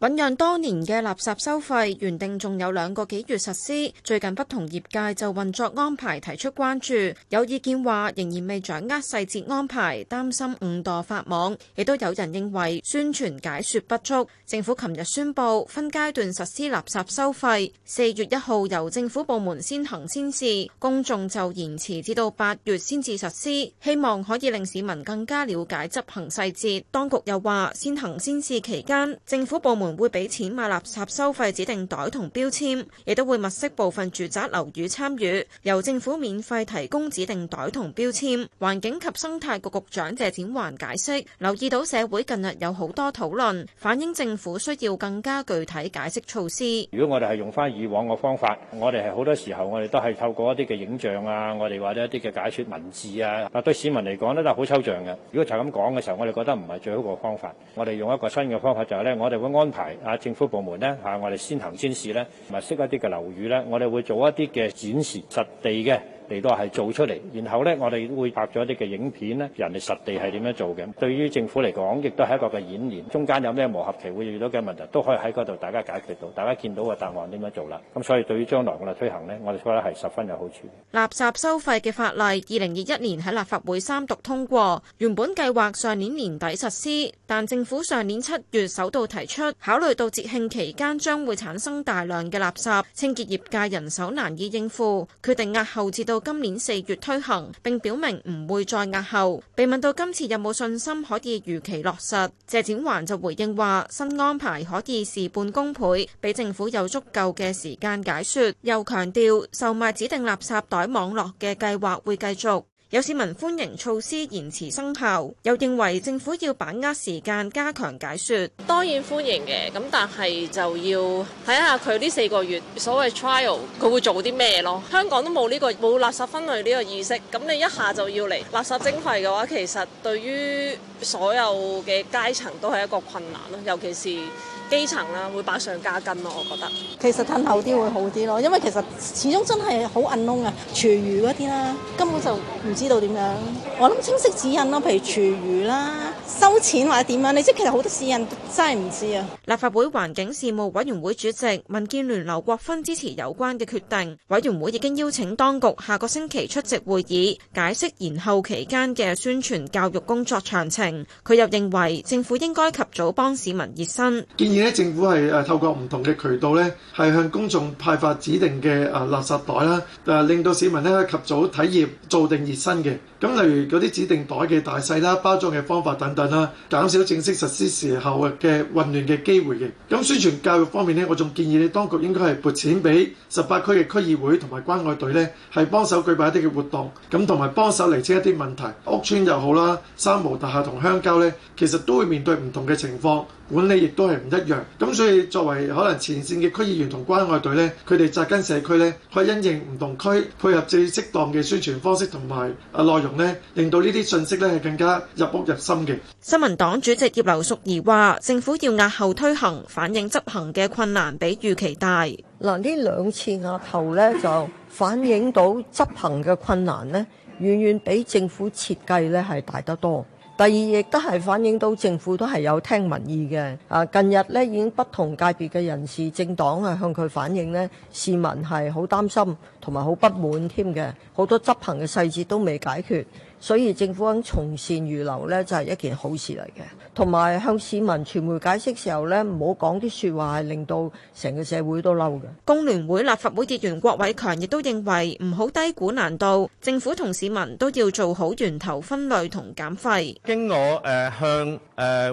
醞釀多年嘅垃圾收費原定仲有兩個幾月實施，最近不同業界就運作安排提出關注，有意見話仍然未掌握細節安排，擔心誤墮法網，亦都有人認為宣傳解說不足。政府琴日宣布分階段實施垃圾收費，四月一號由政府部門先行先試，公眾就延遲至到八月先至實施，希望可以令市民更加了解執行細節。當局又話先行先試期間，政府部門。會俾錢買垃圾收費指定袋同標籤，亦都會物色部分住宅樓宇參與，由政府免費提供指定袋同標籤。環境及生態局局長謝展寰解釋：留意到社會近日有好多討論，反映政府需要更加具體解釋措施。如果我哋係用翻以往嘅方法，我哋係好多時候我哋都係透過一啲嘅影像啊，我哋或者一啲嘅解說文字啊，對市民嚟講呢，都係好抽象嘅。如果就咁講嘅時候，我哋覺得唔係最好個方法。我哋用一個新嘅方法就係呢：我哋會安排。啊，政府部門咧，吓，我哋先行先試咧，同埋一啲嘅樓宇咧，我哋會做一啲嘅展示，實地嘅。嚟到係做出嚟，然後呢，我哋會拍咗一啲嘅影片呢，人哋實地係點樣做嘅。對於政府嚟講，亦都係一個嘅演練，中間有咩磨合期會遇到嘅問題，都可以喺嗰度大家解決到，大家見到個答案點樣做啦。咁所以對於將來我哋推行呢，我哋覺得係十分有好處。垃圾收費嘅法例，二零二一年喺立法會三讀通過，原本計劃上年年底實施，但政府上年七月首度提出，考慮到節慶期間將會產生大量嘅垃圾，清潔業界人手難以應付，決定押後至到。今年四月推行，並表明唔會再押後。被問到今次有冇信心可以如期落實，謝展寰就回應話：新安排可以事半功倍，俾政府有足夠嘅時間解說。又強調售賣指定垃圾袋網絡嘅計劃會繼續。有市民歡迎措施延遲生效，又認為政府要把握時間加強解說。當然歡迎嘅，咁但係就要睇下佢呢四個月所謂 trial，佢會做啲咩咯？香港都冇呢個冇垃圾分類呢個意識，咁你一下就要嚟垃圾徵費嘅話，其實對於所有嘅階層都係一個困難咯，尤其是，基層啦、啊，會百上加斤咯、啊，我覺得。其實褪後啲會好啲咯，因為其實始終真係好揞窿嘅，廚餘嗰啲啦，根本就唔知道點樣。我諗清晰指引咯、啊，譬如廚餘啦，收錢或者點樣，你即其實好多市民真係唔知啊。立法會環境事務委員會主席民建聯劉國勳支持有關嘅決定，委員會已經邀請當局下個星期出席會議，解釋延後期間嘅宣傳教育工作詳情。佢又認為政府應該及早幫市民熱身。政府係誒透過唔同嘅渠道咧，係向公眾派發指定嘅誒垃圾袋啦，誒令到市民咧及早體驗做定熱身嘅。咁例如嗰啲指定袋嘅大細啦、包裝嘅方法等等啦，減少正式實施時候嘅混亂嘅機會嘅。咁宣傳教育方面咧，我仲建議你當局應該係撥錢俾十八區嘅區議會同埋關愛隊咧，係幫手舉辦一啲嘅活動，咁同埋幫手釐清一啲問題。屋邨又好啦，三無大廈同鄉郊咧，其實都會面對唔同嘅情況。管理亦都係唔一樣，咁所以作為可能前綫嘅區議員同關愛隊咧，佢哋紮根社區咧，可以因應唔同區配合最適當嘅宣傳方式同埋啊內容咧，令到呢啲信息咧係更加入屋入心嘅。新民黨主席葉劉淑儀話，政府要押後推行，反映執行嘅困難比預期大。嗱，呢兩次押後咧就反映到執行嘅困難咧，遠遠比政府設計咧係大得多。第二亦都係反映到政府都係有聽民意嘅，啊，近日呢，已經不同界別嘅人士、政黨向佢反映，呢市民係好擔心同埋好不滿添嘅，好多執行嘅細節都未解決。所以政府喺從善如流呢，就係、是、一件好事嚟嘅。同埋向市民、傳媒解釋時候呢，唔好講啲說話係令到成個社會都嬲嘅。工聯會立法會議員郭偉強亦都認為，唔好低估難度，政府同市民都要做好源頭分類同減廢。經我、呃、向、呃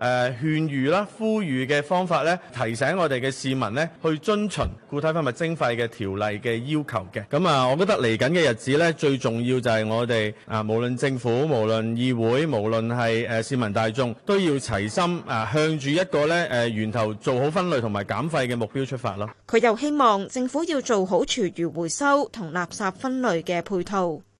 誒、呃、勸喻啦、呼籲嘅方法咧，提醒我哋嘅市民呢，去遵循固體廢物徵費嘅條例嘅要求嘅。咁、嗯、啊，我覺得嚟緊嘅日子咧，最重要就係我哋啊，無論政府、無論議會、無論係誒市民大眾，都要齊心啊，向住一個咧誒、啊、源頭做好分類同埋減廢嘅目標出發咯。佢又希望政府要做好廚餘回收同垃圾分類嘅配套。